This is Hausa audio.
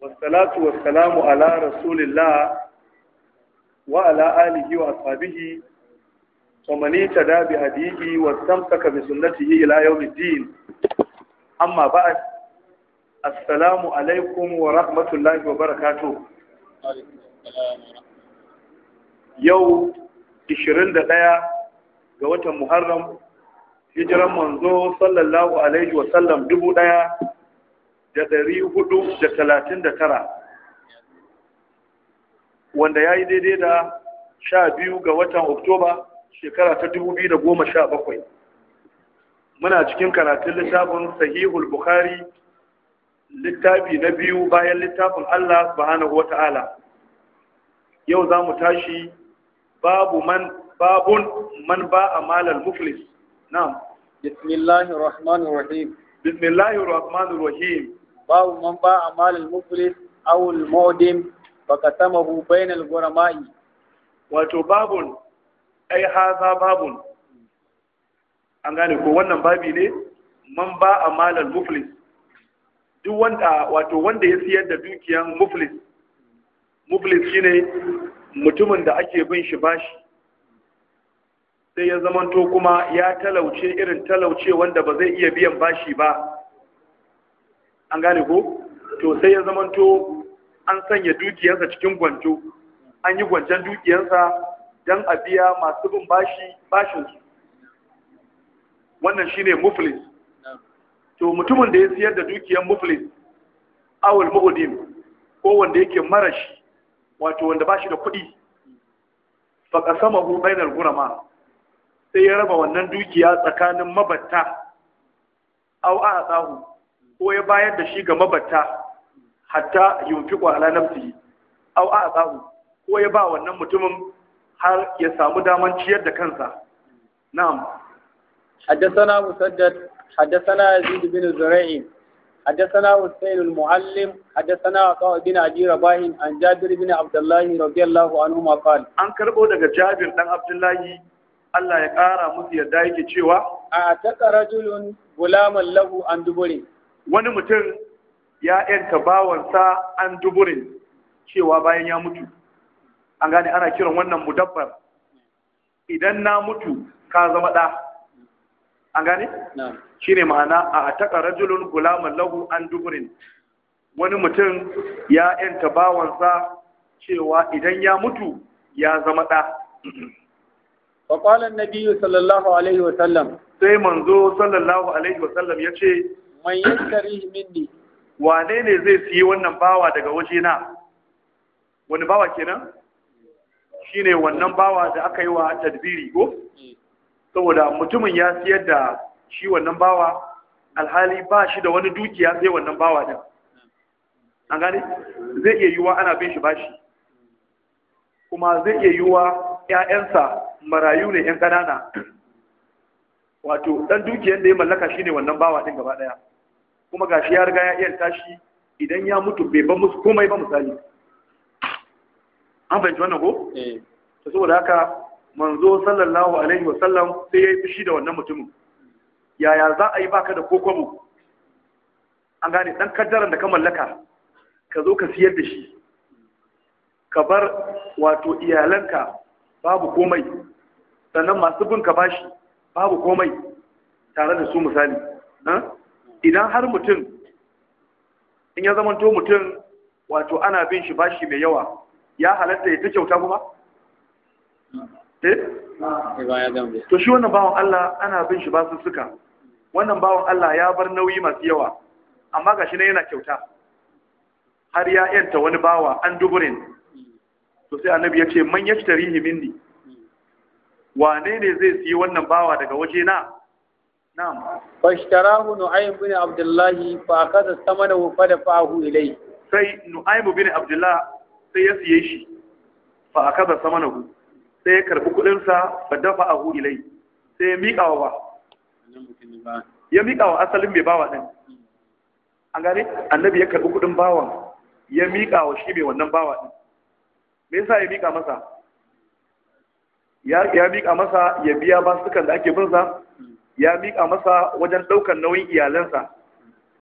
wasalatu wasalamu ala rasulillah wa ala wa sahbihi wa mani tada bi hadidi wa tamtaka bi sunnatihi ila amma ba'd assalamu alaykum wa rahmatullahi wa barakatuh wa alaykum assalam yaw ga watan muharram hijiran manzo sallallahu alaihi wasallam dubu ɗaya da dari hudu da talatin da tara wanda ya yi daidai da sha biyu ga watan oktoba shekara ta dubu biyu da goma sha bakwai muna cikin karatun littafin sahihul bukhari littafi na biyu bayan littafin allah subhanahu wata'ala yau za mu tashi babu man babun man ba a malar muflis na'am بسم الله الرحمن الرحيم بسم الله الرحمن الرحيم باب من باع مال المفلس او المؤدم فقسمه بين الغرماء wato babun ai haza babun an gane ko wannan babi ne man ba a malar muflis duk wanda wato wanda ya siyar da dukiyan muflis muflis shine mutumin da ake bin shi bashi sai ya zamanto kuma ya talauce irin talauce wanda ba zai iya biyan bashi ba an gane ko to sai ya zamanto an sanya dukiyarsa cikin gwanjo an yi gwanjon dukiyarsa don a biya masu bin bashi su, wannan shine muflis to mutumin da ya siyar da dukiyar muflis awul mu'udim ko wanda yake marashi wato wanda bashi da kuɗi faƙasamahu bainal gurama sai ya raba wannan dukiya tsakanin mabatta au a tsahu ko ya bayar da shi ga mabatta hatta yunfiqu ala nafsihi au a tsahu ko ya ba wannan mutumin har ya samu daman ciyar da kansa na'am حدثنا مسدد حدثنا يزيد بن زريع حدثنا حسين المعلم حدثنا عطاء بن ابي رباح عن جابر بن عبد الله رضي الله عنهما قال عن كربو daga Jabir dan Abdullahi Allah ya ƙara musu yadda yake cewa a taƙa rajulun gulaman lahu an duburin wani mutum ya ‘yanta bawansa an duburin cewa bayan ya mutu an gane ana kiran wannan mudabbar idan na mutu ka zama ɗa an gane? shi ne ma'ana a taƙa rajulun gulaman lahu an duburin wani mutum ya ‘yanta bawansa cewa idan ya mutu ya zama ɗa Wa na biyu, sallallahu alaihi wa sallam sai manzo sallallahu alaihi wa sallam yace man yashtari minni wane ne zai siyi wannan bawa daga waje na wani bawa ke nan? Shi ne wannan bawa da aka yi wa tadbiri ko eh. saboda mutumin ya siyar da shi wannan bawa alhali ba shi da wani dukiya zai wannan bawa din an gani? zai iya yiwuwa ana bin shi bashi kuma zai iya yiwuwa 'ya'yansa marayu ne yan ƙanana. wato dan dukiyar da ya mallaka shine wannan bawa ɗin gaba ɗaya kuma gashi ya riga ya iya tashi idan ya mutu bai ba musu komai ba misali an fahimci wannan ko eh saboda haka manzo sallallahu alaihi wasallam sai ya yi fushi da wannan mutumin yaya za a yi baka da kokobo an gane dan kaddaran da ka mallaka ka zo ka siyar da shi ka bar wato iyalanka babu komai sannan masu bin ka bashi babu komai tare da su misali idan har mutum in ya zamanto mutum wato ana bin shi bashi mai yawa ya halatta ya ta kyauta kuma? Eh? to shi wannan bawan Allah ana bin shi basu suka wannan bawan Allah ya bar nauyi masu yawa amma ga shi ne yana kyauta har ya yanta wani bawa an duburin to annabi ya ce man yashtarihi minni wane ne zai siyi wannan bawa daga waje na na'am fashtarahu nu'aym bin abdullah fa akhadha thamanahu fa fahu ilay sai nu'aym bin abdullah sai ya siye shi fa akhadha thamanahu sai ya karbi kudin sa fa dafa'ahu ilay sai ya miƙa wa ba ya miƙa wa asalin mai bawa din an gane annabi ya karbi kudin bawa, ya miƙa wa shi mai wannan bawa din me yasa ya miƙa masa ya miƙa masa ya biya ba da ake bin sa ya miƙa masa wajen ɗaukar nauyin iyalansa